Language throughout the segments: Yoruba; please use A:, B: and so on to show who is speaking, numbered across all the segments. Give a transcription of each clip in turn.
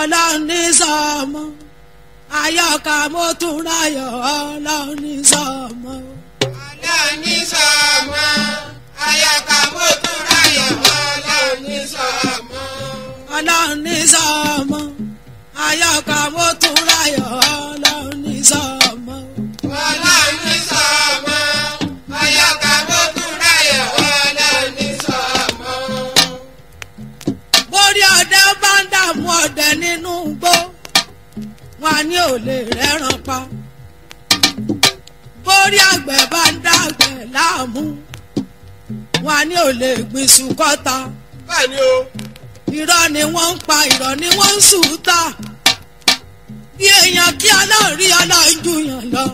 A: ọlọ́run ní sọmọ ayọ́ka mo tún ráyọ̀ ọlọ́run ní sọmọ. ọlọ́run ní sọmọ ayọ́ka mo tún ráyọ̀ ọlọ́run ní ayọ́ka mo tún ráyọ̀ ọlọ́run ní àwọn ọdẹ nínú igbó wọn á ní òlè rẹ́ràn pa bórí àgbẹ̀ bá ń dá àgbẹ̀ láàmú wọn á ní òlè gbìsù kọ́ta. bẹ́ẹ̀ ni o. irọ́ ni wọ́n ń pa irọ́ ni wọ́n ń sùúta bí èèyàn kí aláàrí aláàjú yàn lọ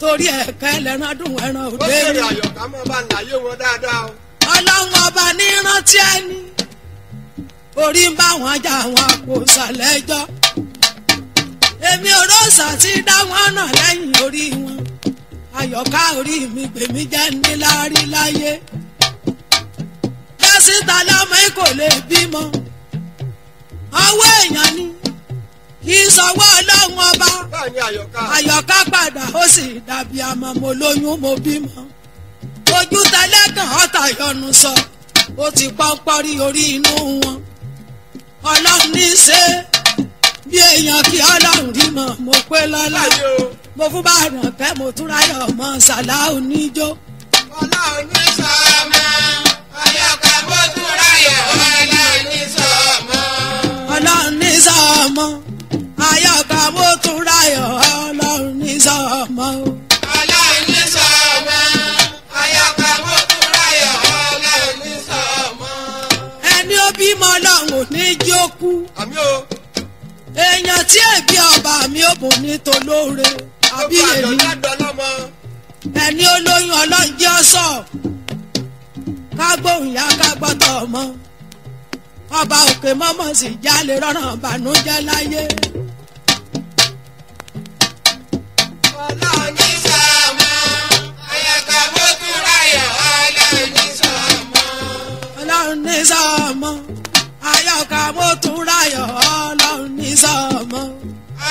A: torí ẹ̀ka ẹlẹ́ran dùn ẹran òde. ó ṣèrè àyọ̀ká mọ́ bá ń láyé wọn dáadáa ọlọ́run ọba ní rántí ẹni orí ń bá wọn jà wọn kò sàlẹ́jọ́ èmi ò rọ́ọ̀sà tí dá wọn nà lẹ́yìn orí wọn àyọ̀ká orí mi gbèmí jẹ́ níláárí láyé dásítà lọ́mọ yìí kò lè bímọ ọwọ́ èèyàn ni kì í sọwọ́ ọlọ́run ọba àyọ̀ká padà ó sì dàbí àmọ́ mo lóyún mo bímọ ojú tẹlẹ́gàn ọ̀tá yọnu sọ ó ti pọ́npọ́n rí orí inú wọn ọlọ́run ní í ṣe bí èèyàn kí ọlọ́run rí mọ̀ mo pé lọ́lá mo fún bá ràn kẹ́ mo tún ráyọ̀ mọ́ ṣàlá oníjó. ọlá oní àmì o. èèyàn tí èbí ọba mi ò bùn ní tolóore àbí èmi ẹni olóyún ọlọ́njẹ́ ọ̀sọ̀ kágbóhùn yá kágbọ́tọ̀ ọmọ ọba òkè mọ́mọ́ sì jálè rọ́rùn bànújẹ́ láyé. ọlọ́ọ̀ni sọ̀mọ́ ayaka mọ́tò ráyọ̀ ọlọ́ọ̀ni sọ̀mọ́. ọlọ́ọ̀ni sọ̀mọ́ ọkà mo tún ráyọ̀ ọlọ́run ní sọ́mọ́.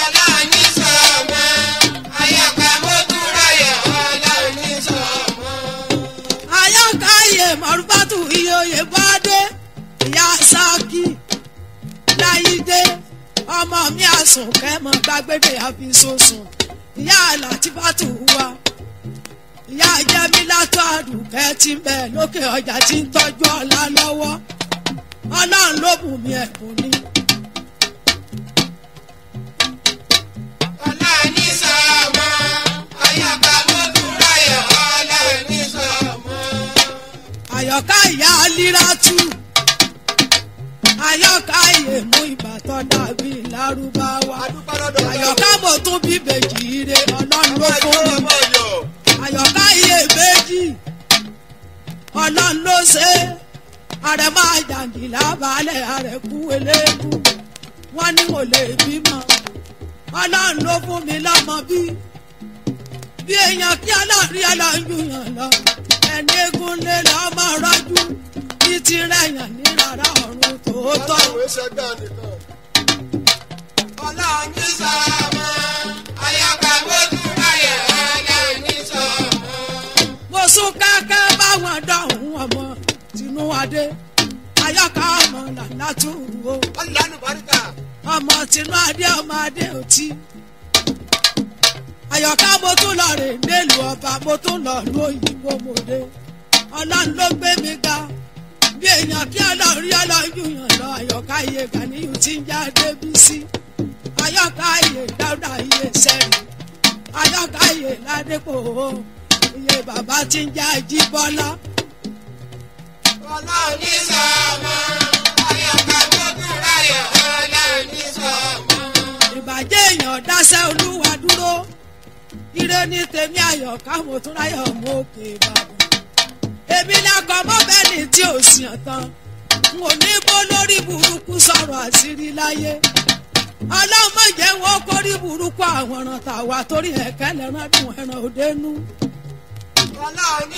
A: ọlọ́run ní sọ́mọ́ ayọ̀ká mo tún ráyọ̀ ọlọ́run ní sọ́mọ́. ayọ̀ká iye mọ̀rúbátù iye oyè bá dé ìyá sáàkì láyídé ọmọ mi àsùnkẹ́ mọ̀ gbàgbédè àfisosùn ìyá àlàtìbátù wa ìyá jẹ́mílátọ́ àdùkẹ́ ti ń bẹ̀ lókè ọjà tí ń tọ́jú ọ̀la lọ́wọ́ ọlọ́run ló bù mí ẹ̀bùn ni. àyọ̀ká ìyá alírátù àyọ̀ká ìyèmú ìbátan dàbí lárúbáwá àyọ̀ká mo tún bí bèjì ire ọlọ́run ló fún mi àyọ̀ká iye méjì ọlọ́run ló ṣe é ààrẹ máa jàǹdìlá balẹ̀ ààrẹ kú eléégún wọ́n ní mo lè bímọ ọlọ́run ló fún mi lọ́mọ bí bí èèyàn kí ọlọ́run ọlọ́run yàn lọ ẹni eégún lé lọ́mọ rọ́jú ní tirẹ̀ yàn ní rárá ọ̀run tòótọ́. mo sún kákẹ́ báwọn dọ̀hún ọmọ. tinú adé ayọ́ka ọmọ làlátù wo ọmọ tinú adé ọmọ adé òtí ayọ̀ká mo tún lọ rè nílùú ọba mo tún lọ lu òyìnbó mo dé ọlọ́run ló gbé mi ga bí èèyàn kí ọlọ́run ọlọ́run lọ ayọ̀ká iye gàníyù tí ń já débí sí ayọ̀ká iye dáúdà iye sẹ́yìn Ayọka iye ládépò iye bàbá tí ń já jí bọ́lá. ìbàjẹ́ èèyàn dáṣẹ́ olúwa dúró ire ní tèmi ayọ̀ káwọn tún ráyọ̀ mú òkè bàbá èmi lakọ mọ́bẹ́ni tí ò sì ọ̀tàn n ò ní bó lórí burúkú àṣírí láyé burúkú àwọn tàwa torí dùn ẹran òdenu. ní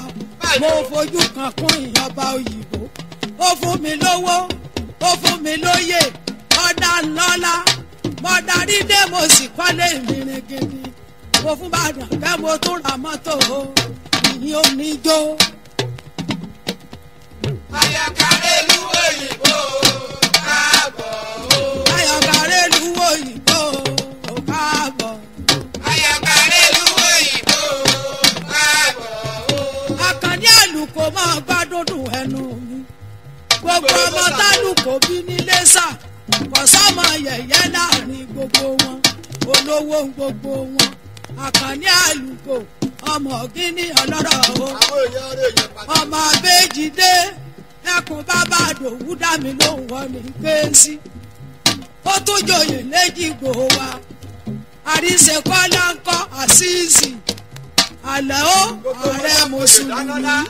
A: mo fojú kan kún ìyọba òyìnbó ó fún mi lówó ó fún mi lóyè ọ̀dà ńlọ́lá mo darí dé mo sì kọ́lé ìmìrìngìrì mo fún bàdàn pé mo tún ra mọ́tò ìyìn oníjó. àyàkárẹ́lú òyìnbó. gbogbo ọmọ bí nílé sà láàrin gbogbo wọn olówó gbogbo wọn àkànní àlùkò ọmọ gíní ọlọ́rọ̀ o ọmọ abéjìdé ẹkùn bàbá àdòwú wọn ní ó tún wa àṣìṣì ó ààrẹ mùsùlùmí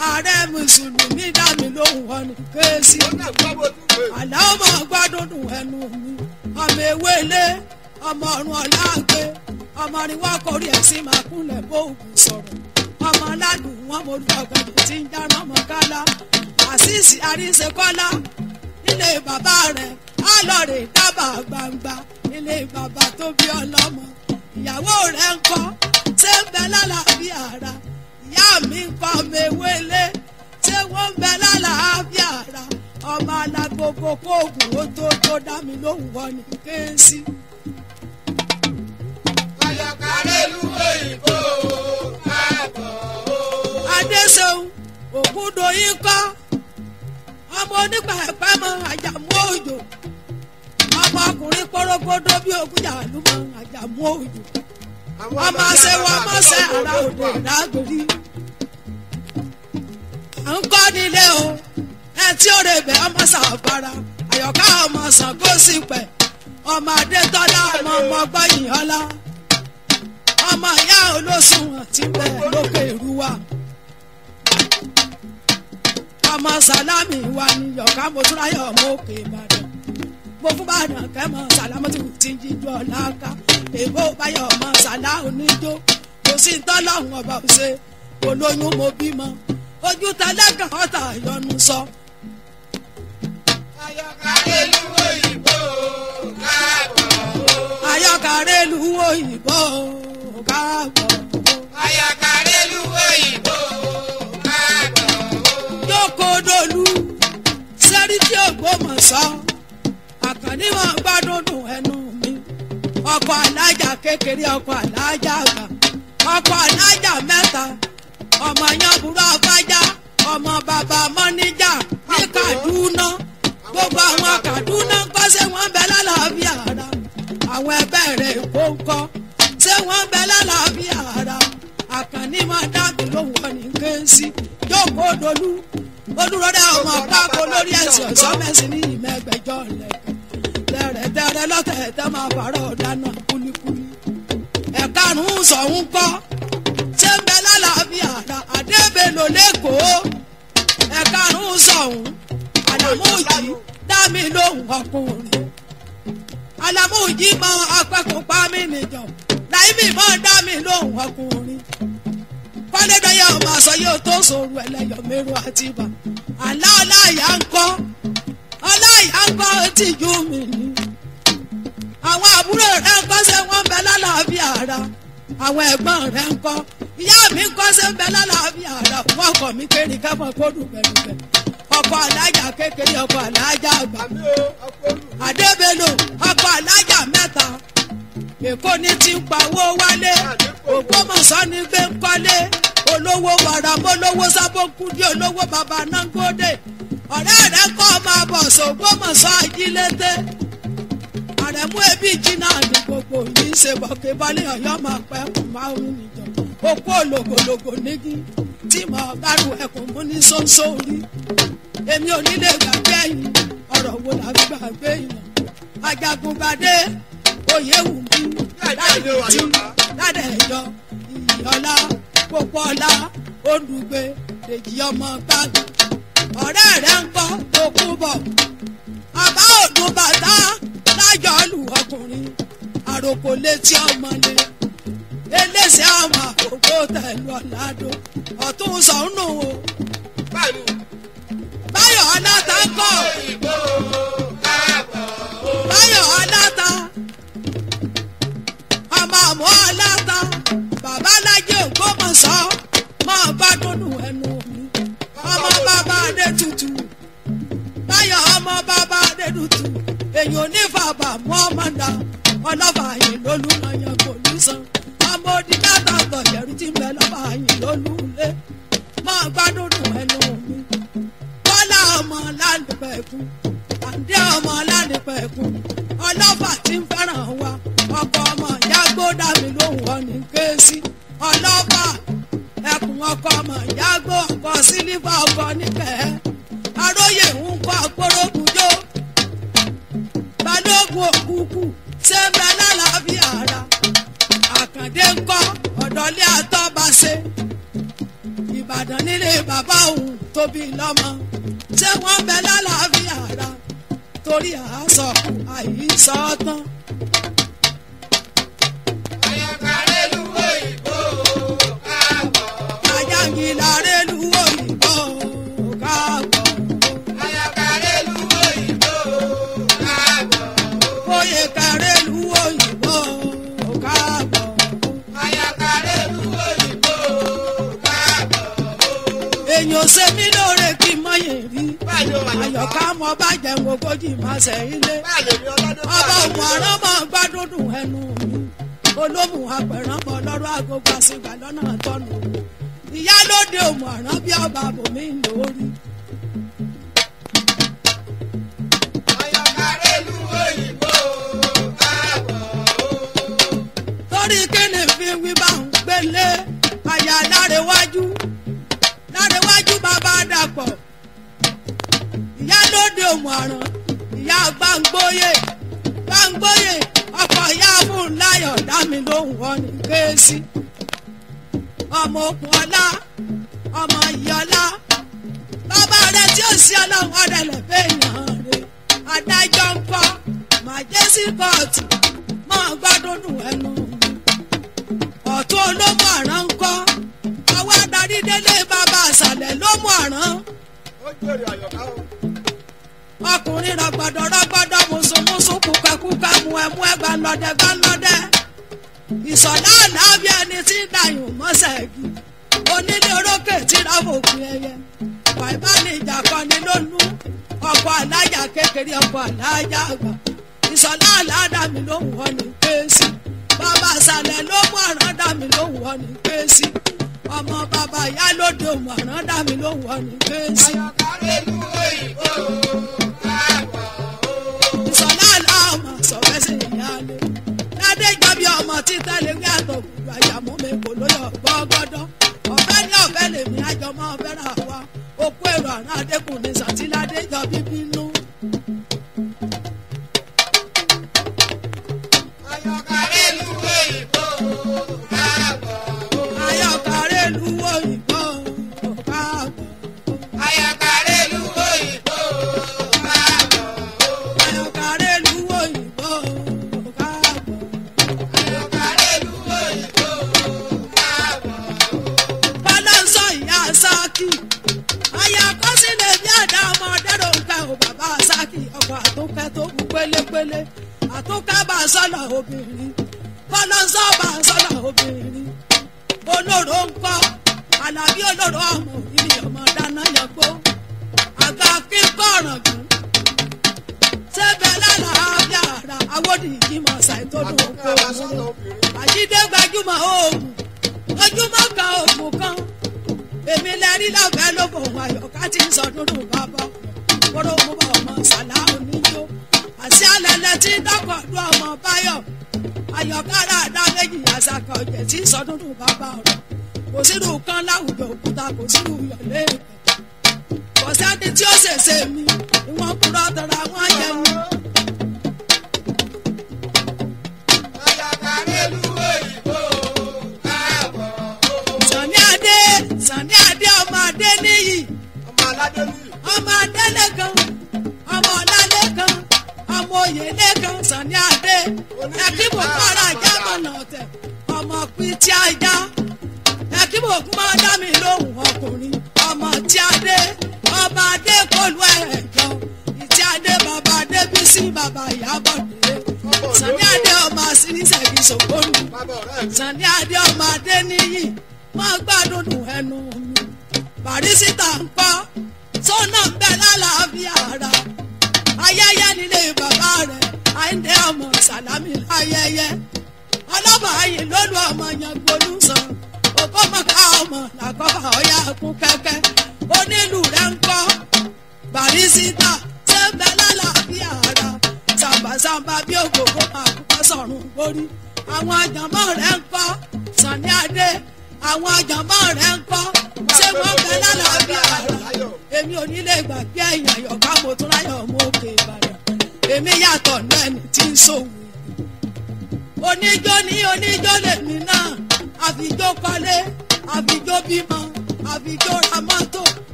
A: ààrẹ mùsùlùmí dá mi lóhùn ọ̀nà kéésì àlàó máa gbádùn dùn ẹnu mi ọmọ ewé ilé ọmọ ọ̀run ọ̀làǹgbé ọmọ àríwá kọrí ẹ̀ sí máa kúnlẹ̀ bóògùn sọ̀rọ̀ ọmọ aládùn wọn mo lù ọ̀gbẹ̀dẹ̀ tí ń dáná mọ́ kálá àṣìṣì àríṣekọ́lá ilé bàbá rẹ̀ á lọ gbangba ilé bàbá tó bí ọlọ́mọ ìyàwó rẹ̀ ń kọ́ ṣé ń bẹ lálàáfíà ara ìyá mi ń pa ọmọ ewé lé ṣé wọ́n ń bẹ lálàáfíà ara ọmọ alágbogbo kóògùn ó tó tó dá mi lóhùn wọ́n ní kéésì. àyàkárẹ́ ìlú òyìnbó káàbọ̀. adéṣeun ògúndoyin kọ́ ọmọ onígbà ẹ̀pẹ́ mọ àjàmú òjò ọmọkùnrin pọ́rọ́gbọ́dọ́ bí ogun jàǹdù mọ àjàmú òjò ọmọ aṣẹ́wó ọmọ ṣẹ́ ara òde ìdágbèrè ń kọ́ nílé o ẹ tí ó rè bẹ́ ọmọ sàbàrà àyọ̀ká ọmọ sàgbósìpẹ̀ ọmọ adétọ́lá ọmọ ọmọgbọ́yìn ọlá ọmọ ìyá olóṣùwọ̀n tí ń bẹ lókè ìrúwà ọmọ sàlámì wa ni yọ̀ká mọ́túráyọ̀ ọmọ òkè ìbàdàn mo fún bàdàn kẹ́mọ̀ sàlámù tí kò ti ń jíjọ láàká èbó báyọ̀ ọmọ sàlá oníjó kò sí ń tọ́lọ́hún ọba òṣè olóyún mo bímọ. ojú ta lẹ́gàn ọ̀tà yọnu sọ. ayọ̀kàrẹ́ ìlú òyìnbó káàbọ̀. ayọ̀kàrẹ́ ìlú òyìnbó káàbọ̀. ayọ̀kàrẹ́ ìlú òyìnbó káàbọ̀. jókòó dolú sẹ́rí tí àkànní wọn gbádùn ẹnu mi ọkọ̀ alájà kékeré ọkọ̀ alájà àgbà ọkọ̀ alájà mẹ́ta. ọmọ yanburu afájá ọmọ bàbá mọ́níjà ní Kaduna gbogbo àwọn Kaduna kọ́ ṣé wọ́n bẹ lálàáfíà ara àwọn ẹgbẹ́ rẹ̀ kó ń kọ́ ṣé wọ́n bẹ lálàáfíà ara àkànní máa dábì lóhùn ọ̀nì kéésì jókòó dolú olùrọ̀dá ọmọ pákó lórí ẹ̀sìn ọ̀sọ́mẹ́sì ní ìmẹ̀gbẹ̀jọ rẹ̀ lẹ́rẹ̀ẹ́dẹ́rẹ́ lọ́tẹ̀ẹ̀tẹ́ máa fàárọ̀ dáná kúlíkúlí ẹ̀ka àrùn sọ̀hún kọ́ ń bẹ lálàáfíà àdébèlò lẹ́kọ̀ọ́ ẹ̀karùn-ún sọ̀hún àlàmújì dámì lóhùn ọkùnrin àlàmújì mọ apẹ́kùnpá mi nìjọ láìmí mọ dámì lóhùn ọkùnrin kọ́lédọ́yà ọmọ àṣọ yóò tó sòrò ẹlẹ́yọ̀ mẹ́rù àti ibà àlá ọláyà ń kọ́ ọláyà ń kọ́ tìjú mi ni àwọn àbúrò rẹ̀ ń kọ́ sẹ́wọ́n ń bẹ lálàáfíà ara àwọn ẹ̀gbọ́n rẹ̀ ń kọ́ ìyá mi kọ́ ṣe ń bẹ lálàáfíà ọ̀rọ̀ fún ọkọ mi kéré kẹ́mọ̀ kó dùgbẹ̀dùgbẹ̀ ọkọ alájà kékeré ọkọ alájà àgbà àdébélò ọkọ alájà mẹ́ta èkó ní ti ń pawó wálé ògbómọ̀ṣọ́ ní gbé ń kọ́lé olówó wàrà mọ́lówó sábókú ní olówó baba Nangode ọ̀rẹ́ rẹ̀ kọ́ máa bọ̀ sògbómọ̀ṣọ́ ajílété àrẹ̀mú ẹbí jìnnà ní gbogbo yìí ń ṣe bọ̀kẹ́bọ́lé ọ̀yọ́ máa pẹ́ kù máa ń rìn òpó lògòlògò nígi tí mo bá ru ẹkùn mú ní sọ́nsọ́ orí èmi ò ní lè gbàgbé ẹ̀yìn ọ̀rọ̀ wo la fi gbàgbé ìmọ̀ ajagunbadé oyè wù mí láyé tí ládẹ ẹyọ ìyọlá pópọlá olùgbé èjì ọmọ gbàgbé ọ̀rẹ́ rẹ̀ ń kọ́ tó bọ̀ àbá òdùn bàtà lájọ lù ọkùnrin àròkò létí ọmọlé eléṣẹ́ àmà ògbó tẹ̀lú ọ̀làdó ọ̀tún sọ̀nù o. báyọ̀ ọ̀làta kọ̀. báyọ̀ ọ̀làta ọmọ àmọ́ ọ̀làta bàbá alájẹ Ògbómọ̀ṣọ́ máa bá dúnú ẹnu mi ọmọ bàbá adé tutù báyọ̀ ọmọ bàbá òun tóbi lọ́mọ ṣé wọ́n bẹ lálàáfíà ara torí àásọ àìsọ tán. àyàkà rẹ̀ lúwo ìbò àbọ̀. àyàkìlà èèyàn ṣe mí lóore kí n mọyè rí àyọ̀ká mọ bàjẹ́ ogójì máa ṣe ilé ọba òun àrán mọ gbádùn dùn ẹnu mi olóhùn apẹ̀rán mọ́ agogo àṣìgbà lọ́nà tọ́nu ìyá lóde òun àrán bí ọba àbòmí lórí. torí kí ni fi wí bá ń gbélé àyà láre wájú. bá dàpọ̀ ìyá lóde òmùàràn ìyá gbàngbóyè gbàngbóyè ọkọ ìyá fúnláyọ̀ dámi lóhùn ọ̀nì kéésì ọmọ okùn ọlá ọmọ ìyọlá bàbá rẹ tí ó sí ọlọ́run ọ̀dẹ̀lẹ̀ fẹ́yàn rẹ adájọ́ ń kọ́ kóòtù ẹnu ọ̀tún adarí délé bàbá àṣàlẹ̀ ló mú àrán. ọkùnrin rọgbọdọ rọgbọdọ mùsùlùmùsù mu ẹmú ẹgbà lọdẹ lọdẹ ìsọ̀lá àlàáfíà ni tí ń dàyùn mọ́sẹ̀ igi onílé orókè tí ráfòfin ẹyẹ pàìmánì ìjà ni ló lú ọkọ̀ kékeré ọkọ̀ àgbà
B: bàbá àṣàlẹ̀
A: ló mú ló ní ọmọ bàbá ìyá lóde òun àrán dá mi lóhùn ọ̀nì pé. ayọ̀kárẹ́ ìlú òyìnbó káàbọ̀ o. ìsọ̀lá àlá ọmọ sọ̀fẹ́ sí ìyá lè. ládé ìjọba ọmọ títà lè gbé àtọ̀kùn àyàmú mi kò lóyọ̀ gbọ́gbọ́dọ́. Saki aya kọ́sí lè ní àdá ọmọ ọ̀dẹ́rọ̀ ọ ò bàbá Saki ọkọ̀ àtúnkẹ́ tó kú pélépélé àtúnkẹ́ bá obìnrin bá obìnrin olóró ń kọ́ alábí olóró ọmọ ọmọ dáná kó èmi lẹ́rí lọ́bẹ̀ lóko ayọ̀ ká ti sọ dúdú bàbá kóró mú bá ọmọ sàlá oníjó àti alẹ́lẹ́ tí dọ́kọ̀dú ọmọ báyọ̀ ayọ̀ kára àdá méjì àṣàkọ̀ ọ̀jẹ̀ tí sọ dúdú bàbá ọ̀rọ̀ kò sírú kan láwùjọ òkúta kò sírú yọ̀lẹ́ kò sẹ́ni tí ó ṣèṣe mi ìwọ̀n kúrọ̀ tọ̀ra wọ́n yẹ Oyèlékan Sàní Adé ẹkíbò kọ́ra jábọ̀nà ọ̀tẹ̀ ọmọ pín tí a já ẹkíbò kún máa dá mi lóhùn ọkùnrin ọmọ tí a dé ọba adé kọlu ẹ̀jọ ìtí adé bàbá adé bí sí bàbá ìyábọ̀ dé Sàní Adé ọmọ àsìníṣẹ́gi sògbónù Sàní Adé ọmọ adé níyì wọ́n gbádùn ẹnu mi bàrísítà ń pa sọ́nà ń bẹ lálàáfíà ara ayẹyẹ nílé bàbá rẹ̀ àìndé ọmọ sàlámì ayẹyẹ ọlọ́ba ayé lólu ọmọ yangbolu sàn ògbómọ̀ká ọmọ làkọ́bà ọ̀yà kún kẹ́kẹ́ onílù rẹ̀ ń kọ́ bàrísítà sẹ́ńbẹ́ lálàáfíà ara sàmbàsàmbà bí ògbógbó máa kúkọ́ sọ̀rùn borí àwọn àjàmọ́ rẹ̀ ń kọ́ sànni adé àwọn àjàmbá rẹ̀ ń kọ́ ṣé wọ́n bẹ lálàáfíà àyọ̀ èmi ò ní lè gbàgbé ẹ̀yìn àyọ̀ká mo tún láyọ̀ mú òkè ìbàdàn èmi yàtọ̀ náà ẹni tí ń ṣòwò oníjó ní oníjó lèmi náà àfijó kọ́lé àfijó bímọ àfijó ra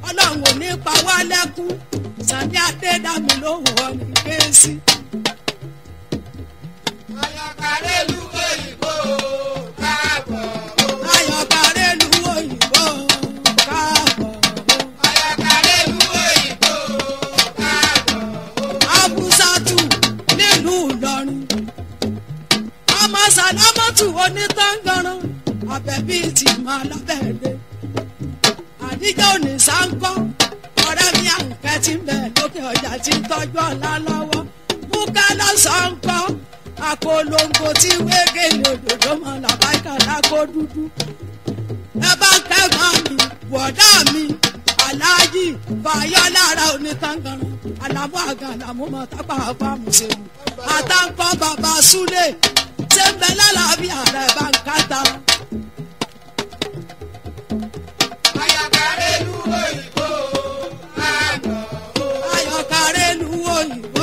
A: ọlọ́run ò ní pa wá lẹ́kú Sàní Adédàmí lóhùn ọ̀nì kéésì. bíi tìmọ̀ lọ́bẹ̀rẹ̀ àdíjọ́ òní sáńkọ́ ọ̀rẹ́ mi àǹkẹ́ ti ń bẹ̀ lókè ọjà ti ń tọ́jú ọ̀la lọ́wọ́ mú ká lọ́sànkọ́ àpolongo tí wégele òdòdó mọ làbájá lákó dúdú ẹ bá ń kẹ́gbọ́n mi wọ̀dá mi aláàjì fàyọ́ lára onítàngànràn àlàmú àgàn àlàmú mọ tápà àpá mùsèlú àtàǹkọ́ bàbá súlẹ̀ ṣé ń bẹ lálàáfíà rẹ̀ bá ń kàtà. òyìnbó àná. ayọ̀kárẹ́lú òyìnbó.